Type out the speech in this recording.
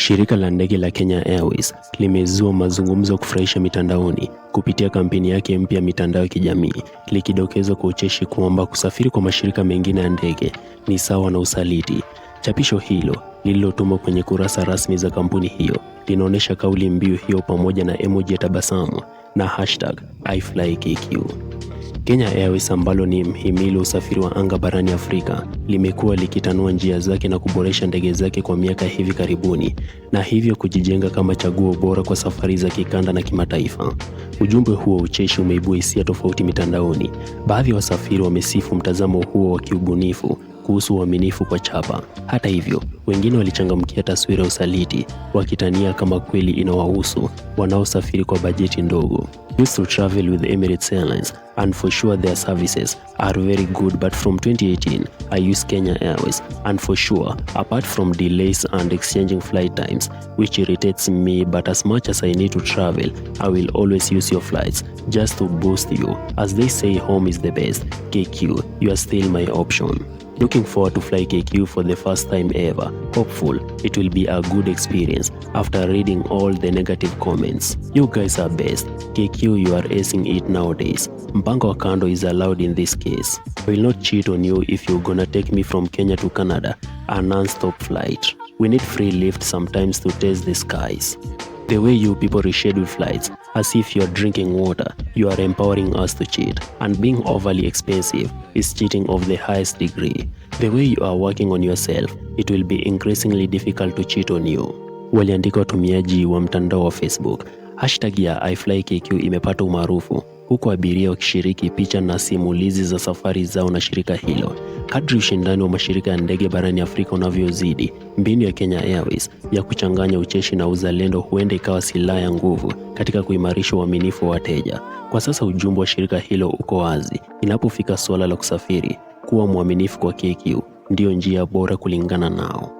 Shirika la ndege la Kenya Airways limezua mazungumzo ya kufurahisha mitandaoni kupitia kampeni yake mpya mitandao ya kijamii, likidokeza kwa ucheshi kwamba kusafiri kwa mashirika mengine ya ndege ni sawa na usaliti. Chapisho hilo lililotumwa kwenye kurasa rasmi za kampuni hiyo linaonyesha kauli mbiu hiyo pamoja na emoji ya tabasamu na hashtag #IFlyKQ. Kenya Airways ambalo ni mhimili wa usafiri wa anga barani Afrika limekuwa likitanua njia zake na kuboresha ndege zake kwa miaka hivi karibuni na hivyo kujijenga kama chaguo bora kwa safari za kikanda na kimataifa. Ujumbe huo ucheshi umeibua hisia tofauti mitandaoni. Baadhi ya wasafiri wamesifu mtazamo huo wa kiubunifu kuhusu uaminifu kwa chapa. Hata hivyo, wengine walichangamkia taswira ya usaliti, wakitania kama kweli inawahusu wanaosafiri kwa bajeti ndogo used to travel with Emirates Airlines and for sure their services are very good but from 2018 I use Kenya Airways and for sure apart from delays and exchanging flight times which irritates me but as much as I need to travel I will always use your flights just to boost you as they say home is the best KQ you are still my option Looking forward to fly kq for the first time ever. Hopeful it will be a good experience after reading all the negative comments. You guys are best. KQ, you are acing it nowadays. Mpango wa kando is allowed in this case. I will not cheat on you if you're gonna take me from Kenya to Canada, a non-stop flight. We need free lift sometimes to test the skies. The way you people reschedule flights as if you're drinking water, you are empowering us to cheat. And being overly expensive is cheating of the highest degree. The way you are working on yourself, it will be increasingly difficult to cheat on you. Waliandika watumiaji wa mtandao wa Facebook. Hashtag ya iFlyKQ imepata umaarufu huku abiria wakishiriki picha na simulizi za safari zao na shirika hilo. Kadri ushindani wa mashirika ya ndege barani Afrika unavyozidi, mbinu ya Kenya Airways ya kuchanganya ucheshi na uzalendo huenda ikawa silaha ya nguvu katika kuimarisha uaminifu wa wateja. Kwa sasa ujumbe wa shirika hilo uko wazi: inapofika suala la kusafiri, kuwa mwaminifu kwa KQ ndiyo njia bora kulingana nao.